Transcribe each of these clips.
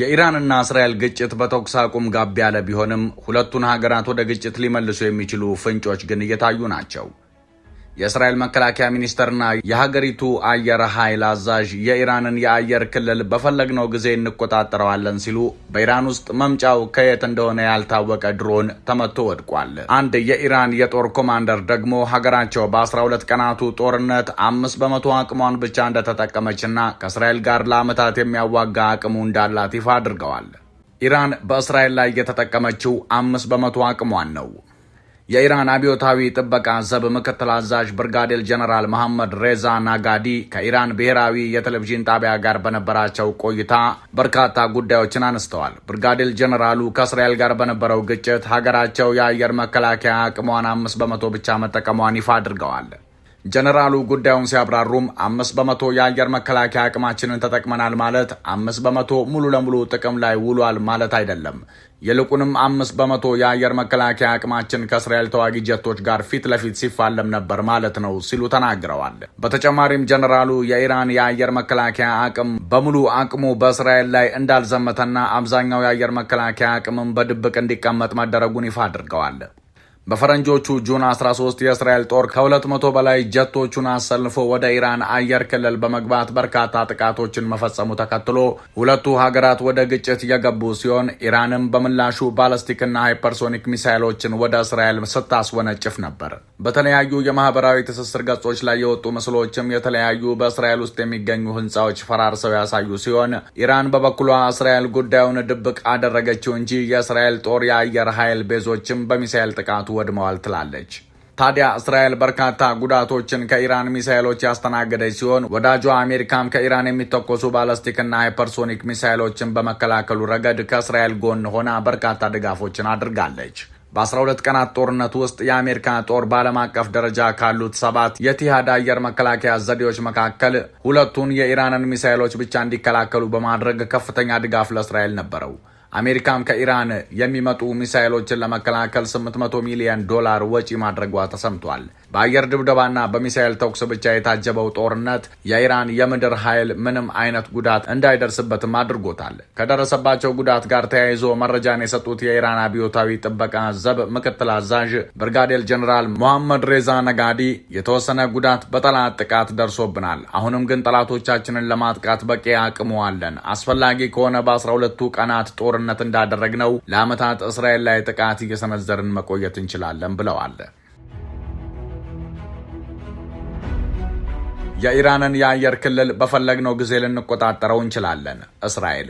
የኢራንና እስራኤል ግጭት በተኩስ አቁም ጋብ ያለ ቢሆንም ሁለቱን ሀገራት ወደ ግጭት ሊመልሱ የሚችሉ ፍንጮች ግን እየታዩ ናቸው። የእስራኤል መከላከያ ሚኒስትርና የሀገሪቱ አየር ኃይል አዛዥ የኢራንን የአየር ክልል በፈለግነው ጊዜ እንቆጣጠረዋለን ሲሉ በኢራን ውስጥ መምጫው ከየት እንደሆነ ያልታወቀ ድሮን ተመቶ ወድቋል። አንድ የኢራን የጦር ኮማንደር ደግሞ ሀገራቸው በ12 ቀናቱ ጦርነት አምስት በመቶ አቅሟን ብቻ እንደተጠቀመችና ከእስራኤል ጋር ለዓመታት የሚያዋጋ አቅሙ እንዳላት ይፋ አድርገዋል። ኢራን በእስራኤል ላይ የተጠቀመችው አምስት በመቶ አቅሟን ነው። የኢራን አብዮታዊ ጥበቃ ዘብ ምክትል አዛዥ ብርጋዴር ጀነራል መሐመድ ሬዛ ናጋዲ ከኢራን ብሔራዊ የቴሌቪዥን ጣቢያ ጋር በነበራቸው ቆይታ በርካታ ጉዳዮችን አነስተዋል። ብርጋዴር ጀነራሉ ከእስራኤል ጋር በነበረው ግጭት ሀገራቸው የአየር መከላከያ አቅሟን አምስት በመቶ ብቻ መጠቀሟን ይፋ አድርገዋል። ጀነራሉ ጉዳዩን ሲያብራሩም አምስት በመቶ የአየር መከላከያ አቅማችንን ተጠቅመናል ማለት አምስት በመቶ ሙሉ ለሙሉ ጥቅም ላይ ውሏል ማለት አይደለም። ይልቁንም አምስት በመቶ የአየር መከላከያ አቅማችን ከእስራኤል ተዋጊ ጀቶች ጋር ፊት ለፊት ሲፋለም ነበር ማለት ነው ሲሉ ተናግረዋል። በተጨማሪም ጀነራሉ የኢራን የአየር መከላከያ አቅም በሙሉ አቅሙ በእስራኤል ላይ እንዳልዘመተና አብዛኛው የአየር መከላከያ አቅምም በድብቅ እንዲቀመጥ መደረጉን ይፋ አድርገዋል። በፈረንጆቹ ጁን 13 የእስራኤል ጦር ከ200 በላይ ጀቶቹን አሰልፎ ወደ ኢራን አየር ክልል በመግባት በርካታ ጥቃቶችን መፈጸሙ ተከትሎ ሁለቱ ሀገራት ወደ ግጭት የገቡ ሲሆን ኢራንም በምላሹ ባለስቲክና ሃይፐርሶኒክ ሚሳይሎችን ወደ እስራኤል ስታስወነጭፍ ነበር። በተለያዩ የማህበራዊ ትስስር ገጾች ላይ የወጡ ምስሎችም የተለያዩ በእስራኤል ውስጥ የሚገኙ ህንፃዎች ፈራርሰው ያሳዩ ሲሆን ኢራን በበኩሏ እስራኤል ጉዳዩን ድብቅ አደረገችው እንጂ የእስራኤል ጦር የአየር ኃይል ቤዞችም በሚሳይል ጥቃቱ ወድመዋል ትላለች። ታዲያ እስራኤል በርካታ ጉዳቶችን ከኢራን ሚሳይሎች ያስተናገደች ሲሆን ወዳጇ አሜሪካም ከኢራን የሚተኮሱ ባለስቲክና ሃይፐርሶኒክ ሚሳይሎችን በመከላከሉ ረገድ ከእስራኤል ጎን ሆና በርካታ ድጋፎችን አድርጋለች። በ12 ቀናት ጦርነት ውስጥ የአሜሪካ ጦር በዓለም አቀፍ ደረጃ ካሉት ሰባት የቲሃድ አየር መከላከያ ዘዴዎች መካከል ሁለቱን የኢራንን ሚሳይሎች ብቻ እንዲከላከሉ በማድረግ ከፍተኛ ድጋፍ ለእስራኤል ነበረው። አሜሪካም ከኢራን የሚመጡ ሚሳይሎችን ለመከላከል 800 ሚሊዮን ዶላር ወጪ ማድረጓ ተሰምቷል። በአየር ድብደባና በሚሳኤል ተኩስ ብቻ የታጀበው ጦርነት የኢራን የምድር ኃይል ምንም አይነት ጉዳት እንዳይደርስበትም አድርጎታል። ከደረሰባቸው ጉዳት ጋር ተያይዞ መረጃን የሰጡት የኢራን አብዮታዊ ጥበቃ ዘብ ምክትል አዛዥ ብርጋዴር ጀኔራል ሞሐመድ ሬዛ ነጋዲ የተወሰነ ጉዳት በጠላት ጥቃት ደርሶብናል። አሁንም ግን ጠላቶቻችንን ለማጥቃት በቂ አቅሙ አለን። አስፈላጊ ከሆነ በአስራ ሁለቱ ቀናት ጦርነት እንዳደረግነው ለዓመታት እስራኤል ላይ ጥቃት እየሰነዘርን መቆየት እንችላለን ብለዋል። የኢራንን የአየር ክልል በፈለግነው ጊዜ ልንቆጣጠረው እንችላለን። እስራኤል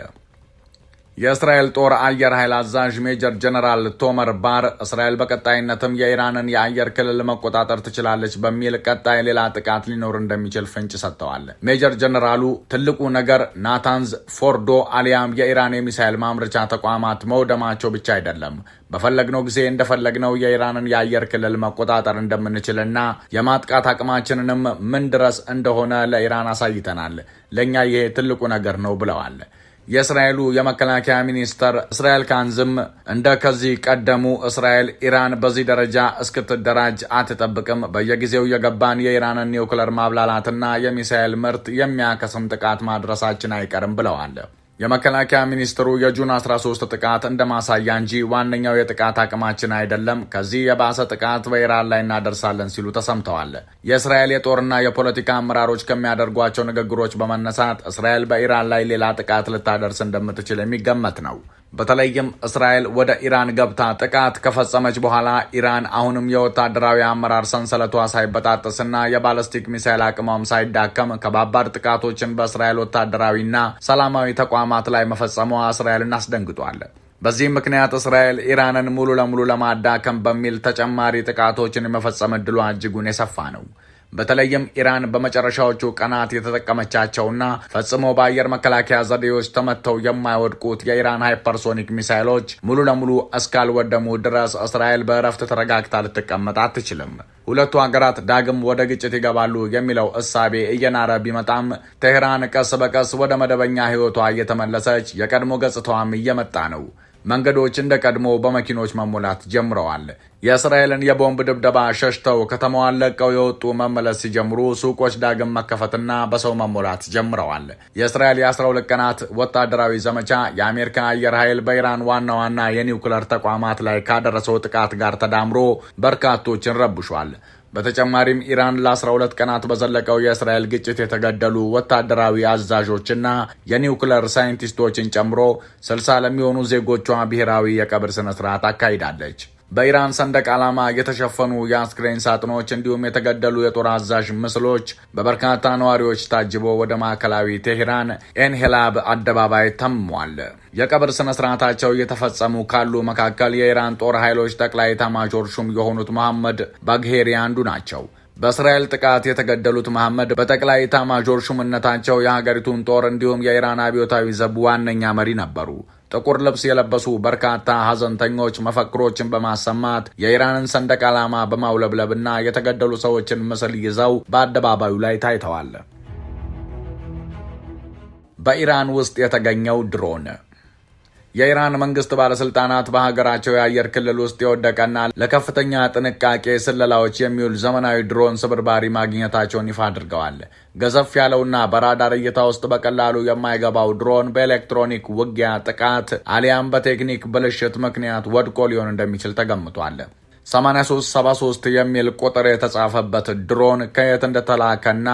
የእስራኤል ጦር አየር ኃይል አዛዥ ሜጀር ጀነራል ቶመር ባር እስራኤል በቀጣይነትም የኢራንን የአየር ክልል መቆጣጠር ትችላለች በሚል ቀጣይ ሌላ ጥቃት ሊኖር እንደሚችል ፍንጭ ሰጥተዋል። ሜጀር ጀነራሉ ትልቁ ነገር ናታንዝ፣ ፎርዶ አሊያም የኢራን የሚሳይል ማምረቻ ተቋማት መውደማቸው ብቻ አይደለም፣ በፈለግነው ጊዜ እንደፈለግነው የኢራንን የአየር ክልል መቆጣጠር እንደምንችልና የማጥቃት አቅማችንንም ምን ድረስ እንደሆነ ለኢራን አሳይተናል። ለእኛ ይሄ ትልቁ ነገር ነው ብለዋል። የእስራኤሉ የመከላከያ ሚኒስተር እስራኤል ካንዝም እንደ ከዚህ ቀደሙ እስራኤል ኢራን በዚህ ደረጃ እስክትደራጅ አትጠብቅም፣ በየጊዜው የገባን የኢራንን ኒውክለር ማብላላትና የሚሳኤል ምርት የሚያከስም ጥቃት ማድረሳችን አይቀርም ብለዋል። የመከላከያ ሚኒስትሩ የጁን 13 ጥቃት እንደ ማሳያ እንጂ ዋነኛው የጥቃት አቅማችን አይደለም፣ ከዚህ የባሰ ጥቃት በኢራን ላይ እናደርሳለን ሲሉ ተሰምተዋል። የእስራኤል የጦርና የፖለቲካ አመራሮች ከሚያደርጓቸው ንግግሮች በመነሳት እስራኤል በኢራን ላይ ሌላ ጥቃት ልታደርስ እንደምትችል የሚገመት ነው። በተለይም እስራኤል ወደ ኢራን ገብታ ጥቃት ከፈጸመች በኋላ ኢራን አሁንም የወታደራዊ አመራር ሰንሰለቷ ሳይበጣጠስና የባለስቲክ ሚሳይል አቅሟም ሳይዳከም ከባባድ ጥቃቶችን በእስራኤል ወታደራዊና ሰላማዊ ተቋማት ላይ መፈጸሟ እስራኤልን አስደንግጧል። በዚህም ምክንያት እስራኤል ኢራንን ሙሉ ለሙሉ ለማዳከም በሚል ተጨማሪ ጥቃቶችን የመፈጸም እድሏ እጅጉን የሰፋ ነው። በተለይም ኢራን በመጨረሻዎቹ ቀናት የተጠቀመቻቸውና ፈጽሞ በአየር መከላከያ ዘዴዎች ተመተው የማይወድቁት የኢራን ሃይፐርሶኒክ ሚሳይሎች ሙሉ ለሙሉ እስካልወደሙ ድረስ እስራኤል በእረፍት ተረጋግታ ልትቀመጥ አትችልም። ሁለቱ ሀገራት ዳግም ወደ ግጭት ይገባሉ የሚለው እሳቤ እየናረ ቢመጣም ቴህራን ቀስ በቀስ ወደ መደበኛ ሕይወቷ እየተመለሰች የቀድሞ ገጽታዋም እየመጣ ነው። መንገዶች እንደ ቀድሞ በመኪኖች መሞላት ጀምረዋል። የእስራኤልን የቦምብ ድብደባ ሸሽተው ከተማዋን ለቀው የወጡ መመለስ ሲጀምሩ ሱቆች ዳግም መከፈትና በሰው መሞላት ጀምረዋል። የእስራኤል የ12 ቀናት ወታደራዊ ዘመቻ የአሜሪካ አየር ኃይል በኢራን ዋና ዋና የኒውክለር ተቋማት ላይ ካደረሰው ጥቃት ጋር ተዳምሮ በርካቶችን ረብሿል። በተጨማሪም ኢራን ለ12 ቀናት በዘለቀው የእስራኤል ግጭት የተገደሉ ወታደራዊ አዛዦችና የኒውክለር ሳይንቲስቶችን ጨምሮ ስልሳ ለሚሆኑ ዜጎቿ ብሔራዊ የቀብር ስነ ስርዓት አካሂዳለች። በኢራን ሰንደቅ ዓላማ የተሸፈኑ የአስክሬን ሳጥኖች እንዲሁም የተገደሉ የጦር አዛዥ ምስሎች በበርካታ ነዋሪዎች ታጅቦ ወደ ማዕከላዊ ቴሄራን ኤንሄላብ አደባባይ ተምሟል። የቀብር ስነ ስርዓታቸው እየተፈጸሙ ካሉ መካከል የኢራን ጦር ኃይሎች ጠቅላይ ኤታማዦር ሹም የሆኑት መሐመድ ባግሄሪ አንዱ ናቸው። በእስራኤል ጥቃት የተገደሉት መሐመድ በጠቅላይ ኤታማዦር ሹምነታቸው የሀገሪቱን ጦር እንዲሁም የኢራን አብዮታዊ ዘቡ ዋነኛ መሪ ነበሩ። ጥቁር ልብስ የለበሱ በርካታ ሀዘንተኞች መፈክሮችን በማሰማት የኢራንን ሰንደቅ ዓላማ በማውለብለብና የተገደሉ ሰዎችን ምስል ይዘው በአደባባዩ ላይ ታይተዋል። በኢራን ውስጥ የተገኘው ድሮን የኢራን መንግስት ባለስልጣናት በሀገራቸው የአየር ክልል ውስጥ የወደቀና ለከፍተኛ ጥንቃቄ ስለላዎች የሚውል ዘመናዊ ድሮን ስብርባሪ ማግኘታቸውን ይፋ አድርገዋል። ገዘፍ ያለውና በራዳር እይታ ውስጥ በቀላሉ የማይገባው ድሮን በኤሌክትሮኒክ ውጊያ ጥቃት አሊያም በቴክኒክ ብልሽት ምክንያት ወድቆ ሊሆን እንደሚችል ተገምቷል። 8373 የሚል ቁጥር የተጻፈበት ድሮን ከየት እንደተላከና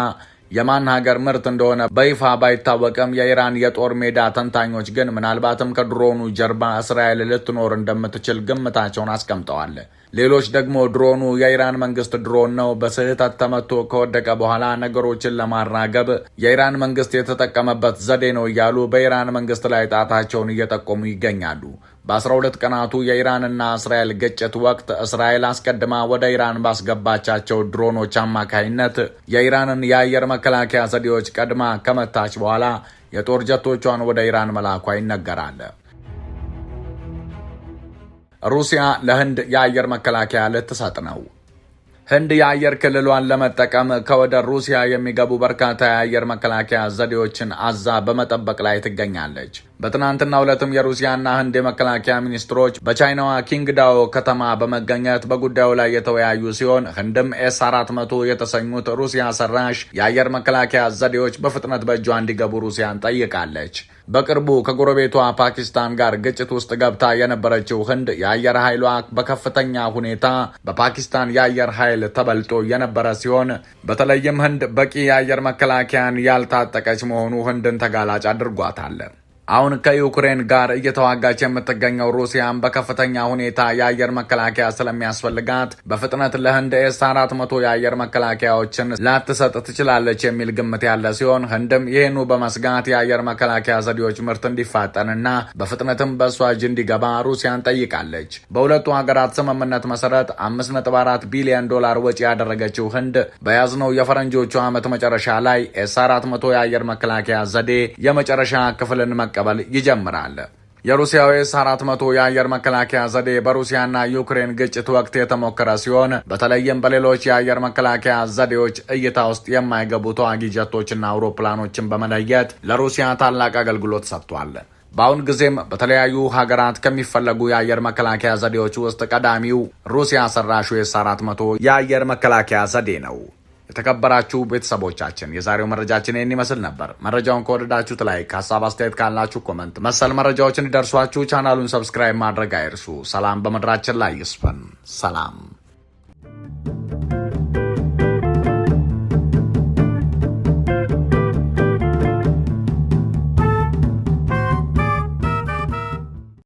የማን ሀገር ምርት እንደሆነ በይፋ ባይታወቅም የኢራን የጦር ሜዳ ተንታኞች ግን ምናልባትም ከድሮኑ ጀርባ እስራኤል ልትኖር እንደምትችል ግምታቸውን አስቀምጠዋል። ሌሎች ደግሞ ድሮኑ የኢራን መንግስት ድሮን ነው፣ በስህተት ተመቶ ከወደቀ በኋላ ነገሮችን ለማራገብ የኢራን መንግስት የተጠቀመበት ዘዴ ነው እያሉ በኢራን መንግስት ላይ ጣታቸውን እየጠቆሙ ይገኛሉ። በ12 ቀናቱ የኢራንና እስራኤል ግጭት ወቅት እስራኤል አስቀድማ ወደ ኢራን ባስገባቻቸው ድሮኖች አማካይነት የኢራንን የአየር መከላከያ ዘዴዎች ቀድማ ከመታች በኋላ የጦር ጀቶቿን ወደ ኢራን መላኳ ይነገራል። ሩሲያ ለህንድ የአየር መከላከያ ልትሰጥ ነው። ህንድ የአየር ክልሏን ለመጠቀም ከወደ ሩሲያ የሚገቡ በርካታ የአየር መከላከያ ዘዴዎችን አዛ በመጠበቅ ላይ ትገኛለች። በትናንትናው ዕለትም የሩሲያና ህንድ የመከላከያ ሚኒስትሮች በቻይናዋ ኪንግዳው ከተማ በመገኘት በጉዳዩ ላይ የተወያዩ ሲሆን ህንድም ኤስ አራት መቶ የተሰኙት ሩሲያ ሰራሽ የአየር መከላከያ ዘዴዎች በፍጥነት በእጇ እንዲገቡ ሩሲያን ጠይቃለች። በቅርቡ ከጎረቤቷ ፓኪስታን ጋር ግጭት ውስጥ ገብታ የነበረችው ህንድ የአየር ኃይሏ በከፍተኛ ሁኔታ በፓኪስታን የአየር ኃይል ተበልጦ የነበረ ሲሆን በተለይም ህንድ በቂ የአየር መከላከያን ያልታጠቀች መሆኑ ህንድን ተጋላጭ አድርጓታል። አሁን ከዩክሬን ጋር እየተዋጋች የምትገኘው ሩሲያን በከፍተኛ ሁኔታ የአየር መከላከያ ስለሚያስፈልጋት በፍጥነት ለህንድ ኤስ አራት መቶ የአየር መከላከያዎችን ላትሰጥ ትችላለች የሚል ግምት ያለ ሲሆን ህንድም ይህኑ በመስጋት የአየር መከላከያ ዘዴዎች ምርት እንዲፋጠንና በፍጥነትም በእሷ እጅ እንዲገባ ሩሲያን ጠይቃለች። በሁለቱ ሀገራት ስምምነት መሰረት አምስት ቢሊዮን ዶላር ወጪ ያደረገችው ህንድ በያዝነው የፈረንጆቹ ዓመት መጨረሻ ላይ ኤስ አራት መቶ የአየር መከላከያ ዘዴ የመጨረሻ ክፍልን መቀበል ይጀምራል። የሩሲያዊ ኤስ 400 የአየር መከላከያ ዘዴ በሩሲያና ዩክሬን ግጭት ወቅት የተሞከረ ሲሆን በተለይም በሌሎች የአየር መከላከያ ዘዴዎች እይታ ውስጥ የማይገቡ ተዋጊ ጀቶችና አውሮፕላኖችን በመለየት ለሩሲያ ታላቅ አገልግሎት ሰጥቷል። በአሁን ጊዜም በተለያዩ ሀገራት ከሚፈለጉ የአየር መከላከያ ዘዴዎች ውስጥ ቀዳሚው ሩሲያ ሰራሹ ኤስ 400 የአየር መከላከያ ዘዴ ነው። የተከበራችሁ ቤተሰቦቻችን የዛሬው መረጃችን ይህን ይመስል ነበር። መረጃውን ከወደዳችሁት ላይክ፣ ሀሳብ አስተያየት ካላችሁ ኮመንት፣ መሰል መረጃዎች እንዲደርሷችሁ ቻናሉን ሰብስክራይብ ማድረግ አይርሱ። ሰላም በምድራችን ላይ ይስፈን። ሰላም